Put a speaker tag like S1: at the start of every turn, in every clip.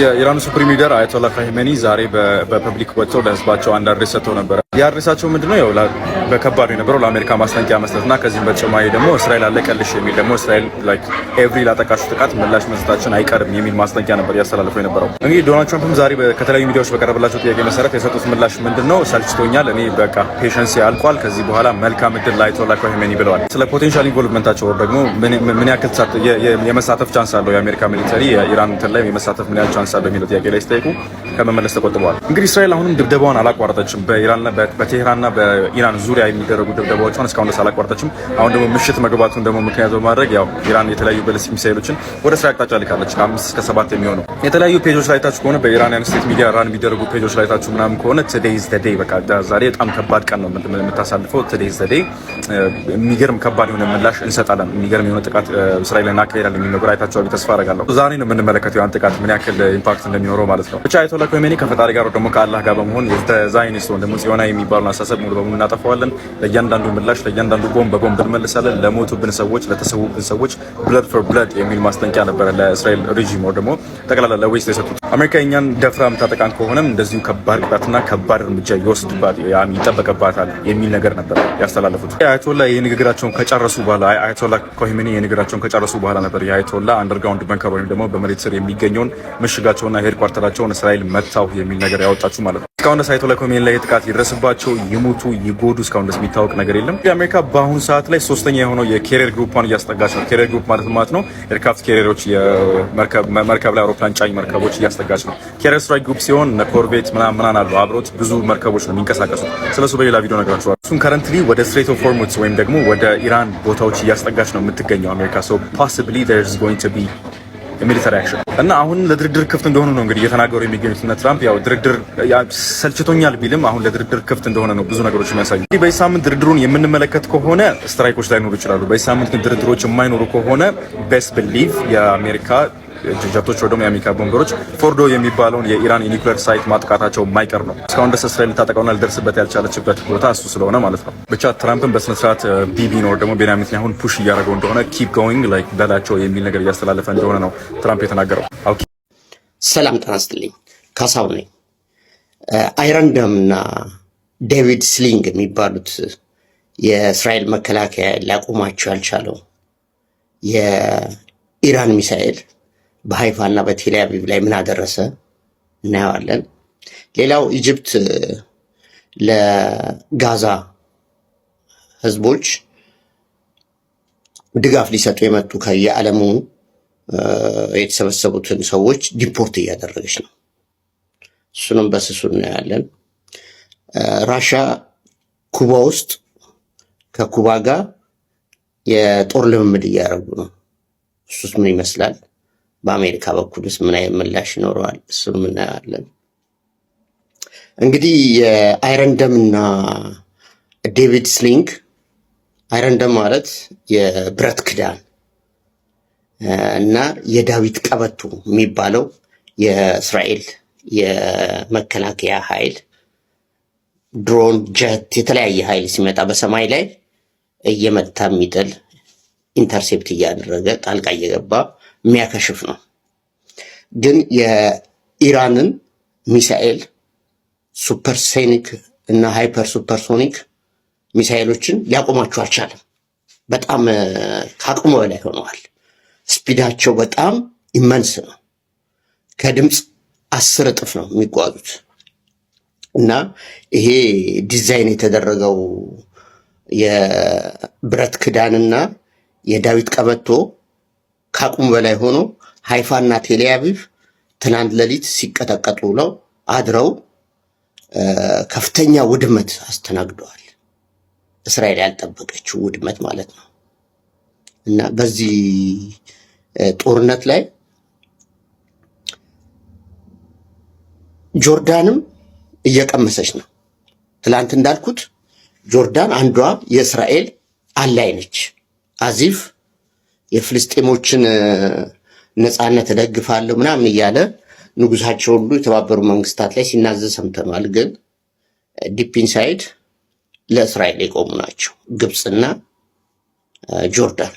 S1: የኢራኑ ሱፕሪም ሊደር አያቶላ ካህመኒ ዛሬ በፐብሊክ ወጥተው ለህዝባቸው አንድ አድሬስ ሰጥተው ነበረ። የአድሬሳቸው ምንድነው? ያው በከባዱ የነበረው ለአሜሪካ ማስጠንቀቂያ መስጠትና ከዚህም በተጨማሪ ደግሞ እስራኤል አለቀልሽ የሚል ደግሞ እስራኤል ኤቭሪ ላጠቃሹ ጥቃት ምላሽ መስጠታችን አይቀርም የሚል ማስጠንቀቂያ ነበር ያስተላልፈው የነበረው። እንግዲህ ዶናልድ ትራምፕም ዛሬ ከተለያዩ ሚዲያዎች በቀረበላቸው ጥያቄ መሰረት የሰጡት ምላሽ ምንድነው? ሰልችቶኛል፣ እኔ በቃ ፔሸንስ ያልቋል፣ ከዚህ በኋላ መልካም እድል ለአያቶላ ካህመኒ ብለዋል። ስለ ፖቴንሻል ኢንቮልቭመንታቸው ደግሞ ምን ያክል የመሳተፍ ቻንስ አለው የአሜሪካ ሚሊተሪ የኢራን እንትን ላይ የመሳተፍ ምን ያል ቻንስ አለ የሚለው ጥያቄ ላይ ሲጠይቁ ከመመለስ ተቆጥበዋል። እንግዲህ እስራኤል አሁንም ድብደባዋን አላቋረጠችም። በኢራንና በቴህራንና በኢራን ዙሪያ የሚደረጉ ድብደባዎቿን እስካሁን ድረስ አላቋረጠችም። አሁን ደግሞ ምሽት መግባቱን ደግሞ ምክንያት በማድረግ ያው ኢራን የተለያዩ በለስ ሚሳይሎችን ወደ እስራኤል አቅጣጫ ልካለች። ከአምስት እስከ ሰባት የሚሆነው የተለያዩ ፔጆች ላይ ታችሁ ከሆነ በኢራንያን ስቴት ሚዲያ ራን የሚደረጉ ፔጆች ላይ ታችሁ ምናምን ከሆነ ቱዴይዝ ተዴይ በቃ ዛሬ በጣም ከባድ ቀን ነው የምታሳልፈው። ቱዴይዝ ተዴይ የሚገርም ከባድ የሆነ ምላሽ እንሰጣለን። የሚገርም የሆነ ጥቃት እስራኤል ላይ እናካሄዳለን የሚል ነገር አይታችኋል። ተስፋ አደርጋለሁ። ዛሬ ነው የምንመለከተው ያን ጥቃት ምን ያክል ኢምፓክት እንደሚኖረው ማለት ነው። ብቻ አይቶ ለኮሜኒ ከፈጣሪ ጋር ደግሞ ከአላህ ጋር በመሆን ዛይኒስት ወይም ደግሞ ጽዮና የሚባሉን አሳሰብ ሙሉ በሙሉ እናጠፋዋለን። ለእያንዳንዱ ምላሽ ለእያንዳንዱ ቦምብ በቦምብ እንመልሳለን። ለሞቱብን ሰዎች፣ ለተሰዉብን ሰዎች ብለድ ፎር ብለድ የሚል ማስጠንቂያ ነበረ ለእስራኤል ሬጂም ወር ደግሞ ጠቅላላ ለዌስት የሰጡት። አሜሪካ እኛን ደፍራ የምታጠቃን ከሆነም እንደዚሁ ከባድ ቅጣትና ከባድ እርምጃ ይወስድባት ይጠበቅባታል የሚል ነገር ነበር ያስተላለፉት አያቶላ የንግግራቸውን ከጨረሱ በኋላ አያቶላ ኮሚኒ የንግግራቸውን ከጨረሱ በኋላ ነበር የአያቶላ አንደርግራውንድ መንከር ወይም ደግሞ በመሬት ስር የሚገኘውን ምሽጋቸውና ሄድኳርተራቸውን እስራኤል መታው የሚል ነገር ያወጣችሁ ማለት ነው። እስካሁን ላይ አይቶላኮሚን ላይ ጥቃት ይድረስባቸው ይሙቱ ይጎዱ እስካሁን ድረስ የሚታወቅ ነገር የለም። አሜሪካ በአሁኑ ሰዓት ላይ ሶስተኛ የሆነው የኬሪየር ግሩፓን እያስጠጋች ነው። ኬሪየር ግሩፕ ማለት ማለት ነው ኤርክራፍት ኬሪየሮች መርከብ ላይ አውሮፕላን ጫኝ መርከቦች እያስጠጋች ነው። ኬሪየር ስትራይክ ግሩፕ ሲሆን ኮርቤት ምናምን ምናምን አሉ አብሮት ብዙ መርከቦች ነው የሚንቀሳቀሱ። ስለሱ በሌላ ቪዲዮ ነገራችኋል። እሱን ከረንትሊ ወደ ስትሬት ኦፍ ሆርሙዝ ወይም ደግሞ ወደ ኢራን ቦታዎች እያስጠጋች ነው የምትገኘው አሜሪካ ሶ ፖሲብሊ ዜር ኢዝ ጎይንግ ቱ ቢ የሚሊተሪ አክሽን እና አሁን ለድርድር ክፍት እንደሆኑ ነው እንግዲህ እየተናገሩ የሚገኙት እነ ትራምፕ። ያው ድርድር ሰልችቶኛል ቢልም አሁን ለድርድር ክፍት እንደሆነ ነው ብዙ ነገሮች የሚያሳዩ። እንግዲህ በዚህ ሳምንት ድርድሩን የምንመለከት ከሆነ ስትራይኮች ላይኖሩ ይችላሉ። በዚህ ሳምንት ግን ድርድሮች የማይኖሩ ከሆነ ቤስት ብሊቭ የአሜሪካ ጀቶች ወደ የሚካቡ ነገሮች ፎርዶ የሚባለውን የኢራን የኒውክሌር ሳይት ማጥቃታቸው ማይቀር ነው። እስካሁን ድረስ እስራኤል ልታጠቃውና ልደርስበት ያልቻለችበት ቦታ እሱ ስለሆነ ማለት ነው። ብቻ ትራምፕን በስነስርዓት ቢቢ ነው ደግሞ ቤንያሚን ኔታንያሁን ፑሽ እያደረገው እንደሆነ ኪፕ ጎይንግ ላይክ በላቸው የሚል ነገር እያስተላለፈ እንደሆነ ነው ትራምፕ የተናገረው።
S2: ሰላም ጤና ይስጥልኝ። ካሳው ነኝ። አይረንደም እና ዴቪድ ስሊንግ የሚባሉት የእስራኤል መከላከያ ሊያቆማቸው ያልቻለው የኢራን ሚሳኤል እና በቴል አቪቭ ላይ ምን አደረሰ እናየዋለን። ሌላው ኢጅፕት ለጋዛ ህዝቦች ድጋፍ ሊሰጡ የመጡ ከየዓለሙ የተሰበሰቡትን ሰዎች ዲፖርት እያደረገች ነው። እሱንም በስሱ እናያለን። ራሻ ኩባ ውስጥ ከኩባ ጋር የጦር ልምምድ እያደረጉ ነው። እሱስ ምን ይመስላል? በአሜሪካ በኩልስ ምን አይነት ምላሽ ይኖረዋል? እሱም እናያለን። እንግዲህ የአይረንደም እና ዴቪድ ስሊንግ አይረንደም ማለት የብረት ክዳን እና የዳዊት ቀበቶ የሚባለው የእስራኤል የመከላከያ ኃይል ድሮን፣ ጀት፣ የተለያየ ኃይል ሲመጣ በሰማይ ላይ እየመታ የሚጥል ኢንተርሴፕት እያደረገ ጣልቃ እየገባ የሚያከሽፍ ነው። ግን የኢራንን ሚሳኤል ሱፐርሴኒክ እና ሃይፐር ሱፐርሶኒክ ሚሳኤሎችን ሊያቆማቸው አልቻለም። በጣም ከአቅሙ በላይ ሆነዋል። ስፒዳቸው በጣም ኢመንስ ነው። ከድምፅ አስር እጥፍ ነው የሚጓዙት እና ይሄ ዲዛይን የተደረገው የብረት ክዳንና የዳዊት ቀበቶ ከአቅሙ በላይ ሆኖ ሃይፋና ቴሊያቪቭ ትናንት ሌሊት ሲቀጠቀጡ ውለው አድረው ከፍተኛ ውድመት አስተናግደዋል። እስራኤል ያልጠበቀችው ውድመት ማለት ነው እና በዚህ ጦርነት ላይ ጆርዳንም እየቀመሰች ነው። ትላንት እንዳልኩት ጆርዳን አንዷ የእስራኤል አላይ ነች። አዚፍ የፍልስጤሞችን ነፃነት እደግፋለሁ ምናምን እያለ ንጉሳቸው ሁሉ የተባበሩ መንግስታት ላይ ሲናዘዝ ሰምተናል። ግን ዲፕ ኢንሳይድ ለእስራኤል የቆሙ ናቸው ግብፅና ጆርዳን።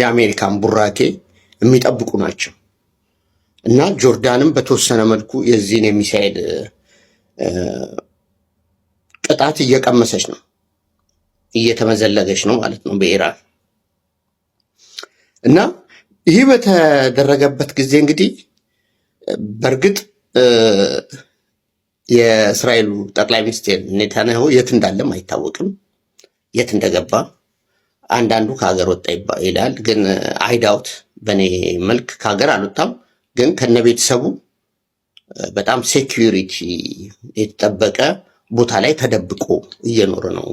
S2: የአሜሪካን ቡራኬ የሚጠብቁ ናቸው እና ጆርዳንም በተወሰነ መልኩ የዚህን የሚሳይል ቅጣት እየቀመሰች ነው፣ እየተመዘለገች ነው ማለት ነው በኢራን እና ይህ በተደረገበት ጊዜ እንግዲህ በእርግጥ የእስራኤሉ ጠቅላይ ሚኒስትር ኔታንያሁ የት እንዳለም አይታወቅም፣ የት እንደገባ አንዳንዱ ከሀገር ወጣ ይላል። ግን አይዳውት በእኔ መልክ ከሀገር አልወጣም። ግን ከነ ቤተሰቡ በጣም ሴኪሪቲ የተጠበቀ ቦታ ላይ ተደብቆ እየኖረ ነው።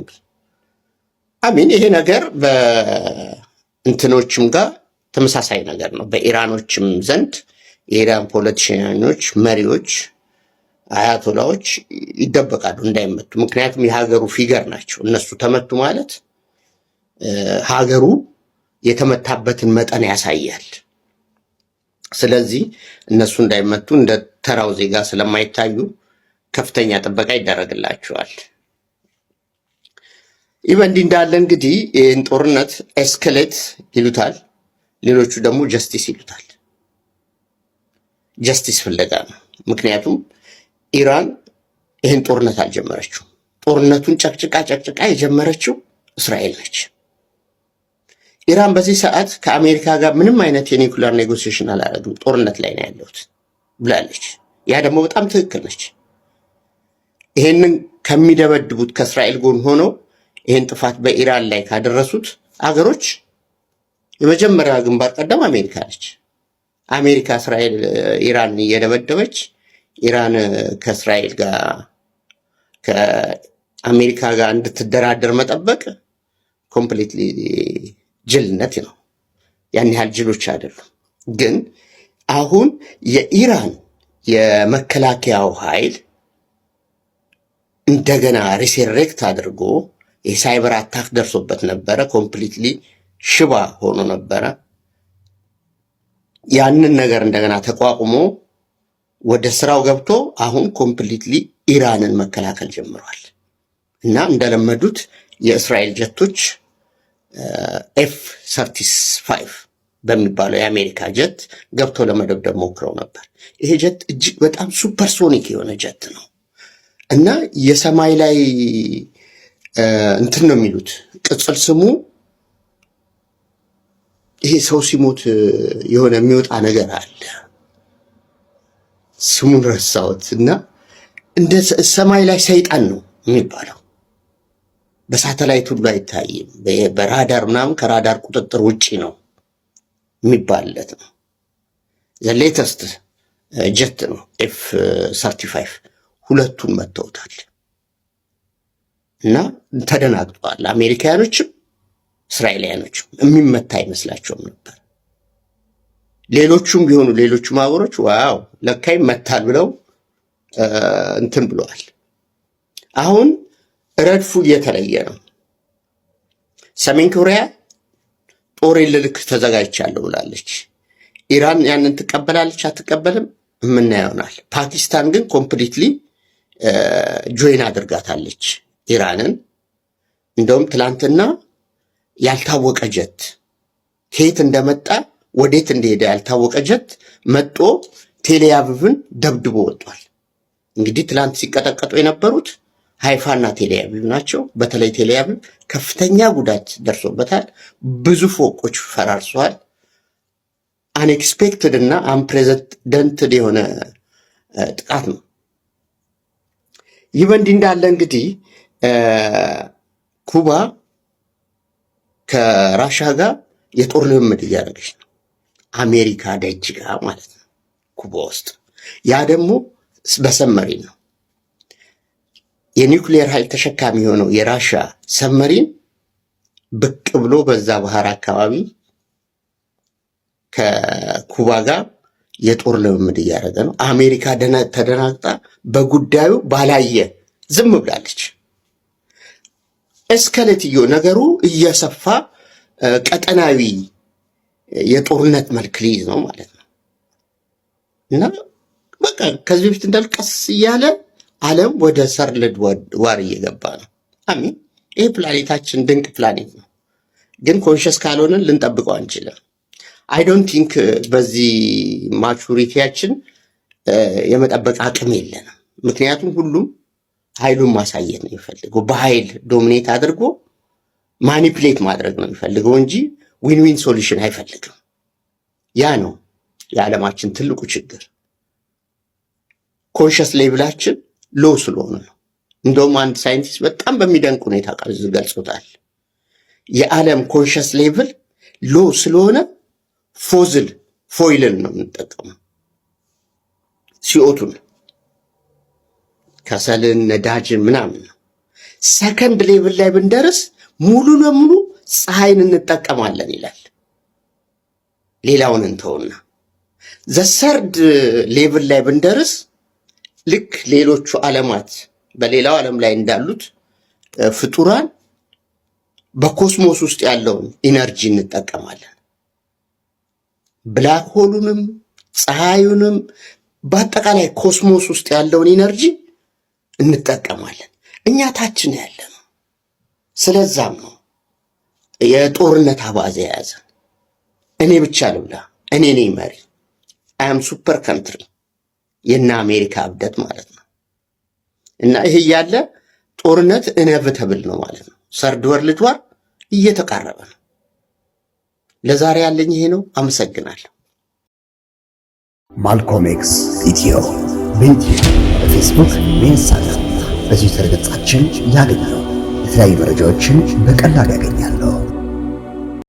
S2: አሚን ይሄ ነገር በእንትኖችም ጋር ተመሳሳይ ነገር ነው። በኢራኖችም ዘንድ የኢራን ፖለቲሽኖች፣ መሪዎች፣ አያቶላዎች ይደበቃሉ እንዳይመቱ። ምክንያቱም የሀገሩ ፊገር ናቸው። እነሱ ተመቱ ማለት ሀገሩ የተመታበትን መጠን ያሳያል። ስለዚህ እነሱ እንዳይመቱ እንደ ተራው ዜጋ ስለማይታዩ ከፍተኛ ጥበቃ ይደረግላቸዋል። ይህ በእንዲህ እንዳለ እንግዲህ ይህን ጦርነት ኤስክሌት ይሉታል ሌሎቹ ደግሞ ጀስቲስ ይሉታል። ጀስቲስ ፍለጋ ነው። ምክንያቱም ኢራን ይህን ጦርነት አልጀመረችው። ጦርነቱን ጨቅጭቃ ጨቅጭቃ የጀመረችው እስራኤል ነች። ኢራን በዚህ ሰዓት ከአሜሪካ ጋር ምንም አይነት የኒውክሊየር ኔጎሲሽን አላደረግም ጦርነት ላይ ነው ያለሁት ብላለች። ያ ደግሞ በጣም ትክክል ነች። ይህንን ከሚደበድቡት ከእስራኤል ጎን ሆነው ይህን ጥፋት በኢራን ላይ ካደረሱት አገሮች የመጀመሪያ ግንባር ቀደም አሜሪካ ነች። አሜሪካ እስራኤል ኢራን እየደበደበች ኢራን ከእስራኤል ጋር ከአሜሪካ ጋር እንድትደራደር መጠበቅ ኮምፕሊትሊ ጅልነት ነው። ያን ያህል ጅሎች አይደሉም። ግን አሁን የኢራን የመከላከያው ኃይል እንደገና ሪሴሬክት አድርጎ የሳይበር አታክ ደርሶበት ነበረ ኮምፕሊትሊ ሽባ ሆኖ ነበረ። ያንን ነገር እንደገና ተቋቁሞ ወደ ስራው ገብቶ አሁን ኮምፕሊትሊ ኢራንን መከላከል ጀምሯል እና እንደለመዱት የእስራኤል ጀቶች ኤፍ ሰርቲስ በሚባለው የአሜሪካ ጀት ገብቶ ለመደብደብ ሞክረው ነበር። ይሄ ጀት እጅግ በጣም ሱፐርሶኒክ የሆነ ጀት ነው እና የሰማይ ላይ እንትን ነው የሚሉት ቅጽል ስሙ ይሄ ሰው ሲሞት የሆነ የሚወጣ ነገር አለ። ስሙን ረሳሁት እና እንደ ሰማይ ላይ ሰይጣን ነው የሚባለው። በሳተላይት ሁሉ አይታይም። በራዳር ምናምን ከራዳር ቁጥጥር ውጪ ነው የሚባልለት ነው። ዘሌተስት ጀት ነው ኤፍ ሰርቲ ሁለቱን መተውታል እና ተደናግጠዋል አሜሪካያኖችም እስራኤላውያኖች የሚመታ አይመስላቸውም ነበር። ሌሎቹም ቢሆኑ ሌሎቹም ማህበሮች ዋው ለካ ይመታል ብለው እንትን ብለዋል። አሁን ረድፉ እየተለየ ነው። ሰሜን ኮሪያ ጦሬን ልልክ ተዘጋጅቻለሁ ብላለች። ኢራን ያንን ትቀበላለች አትቀበልም የምናየው ይሆናል። ፓኪስታን ግን ኮምፕሊትሊ ጆይን አድርጋታለች ኢራንን። እንደውም ትላንትና ያልታወቀ ጀት ከየት እንደመጣ ወዴት እንደሄደ ያልታወቀ ጀት መጦ ቴሌያቪቭን ደብድቦ ወጥቷል። እንግዲህ ትላንት ሲቀጠቀጡ የነበሩት ሀይፋና ቴሌያቪቭ ናቸው። በተለይ ቴሌያቪቭ ከፍተኛ ጉዳት ደርሶበታል። ብዙ ፎቆች ፈራርሰዋል። አንኤክስፔክትድ እና አንፕሬዘደንትድ የሆነ ጥቃት ነው። ይህ በእንዲህ እንዳለ እንግዲህ ኩባ ከራሻ ጋር የጦር ልምምድ እያደረገች ነው። አሜሪካ ደጅ ጋር ማለት ነው፣ ኩባ ውስጥ። ያ ደግሞ በሰመሪን ነው። የኒውክሌር ኃይል ተሸካሚ የሆነው የራሻ ሰመሪን ብቅ ብሎ በዛ ባህር አካባቢ ከኩባ ጋር የጦር ልምምድ እያደረገ ነው። አሜሪካ ተደናግጣ በጉዳዩ ባላየ ዝም ብላለች። እስከለትዮ ነገሩ እየሰፋ ቀጠናዊ የጦርነት መልክ ሊይዝ ነው ማለት ነው እና በቃ ከዚህ በፊት እንዳልቀስ እያለ ዓለም ወደ ሰርልድ ዋር እየገባ ነው። አሚን። ይህ ፕላኔታችን ድንቅ ፕላኔት ነው፣ ግን ኮንሽስ ካልሆንን ልንጠብቀው አንችልም። አይ ዶንት ቲንክ በዚህ ማቹሪቲያችን የመጠበቅ አቅም የለንም። ምክንያቱም ሁሉም ኃይሉን ማሳየት ነው የሚፈልገው። በኃይል ዶሚኔት አድርጎ ማኒፕሌት ማድረግ ነው የሚፈልገው እንጂ ዊን ዊን ሶሉሽን አይፈልግም። ያ ነው የዓለማችን ትልቁ ችግር። ኮንሽስ ሌቭላችን ሎ ስለሆነ ነው። እንደውም አንድ ሳይንቲስት በጣም በሚደንቅ ሁኔታ ቃል ገልጾታል። የዓለም ኮንሽስ ሌቭል ሎ ስለሆነ ፎዝል ፎይልን ነው የምንጠቀመው ሲኦቱን ከሰልን፣ ነዳጅን ምናምን ነው። ሰከንድ ሌቭል ላይ ብንደርስ ሙሉ ለሙሉ ፀሐይን እንጠቀማለን ይላል። ሌላውን እንተውና ዘሰርድ ሌቭል ላይ ብንደርስ ልክ ሌሎቹ ዓለማት በሌላው ዓለም ላይ እንዳሉት ፍጡራን በኮስሞስ ውስጥ ያለውን ኢነርጂ እንጠቀማለን። ብላክ ሆሉንም ፀሐዩንም በአጠቃላይ ኮስሞስ ውስጥ ያለውን ኢነርጂ እንጠቀማለን። እኛ ታችን ያለ ነው። ስለዛም ነው የጦርነት አባዜ የያዘ እኔ ብቻ ልብላ፣ እኔ ነኝ መሪ፣ አያም ሱፐር ካንትሪ የእነ አሜሪካ እብደት ማለት ነው። እና ይህ ያለ ጦርነት እነብተብል ነው ማለት ነው። ሰርድ ወርልድ ዋር እየተቃረበ ነው። ለዛሬ ያለኝ ይሄ ነው። አመሰግናለሁ። ማልኮም ኤክስ ኢትዮ በዩቲዩብ በፌስቡክ፣ በኢንስታግራም በትዊተር ገጻችን ያገኛሉ። የተለያዩ መረጃዎችን በቀላሉ ያገኛሉ።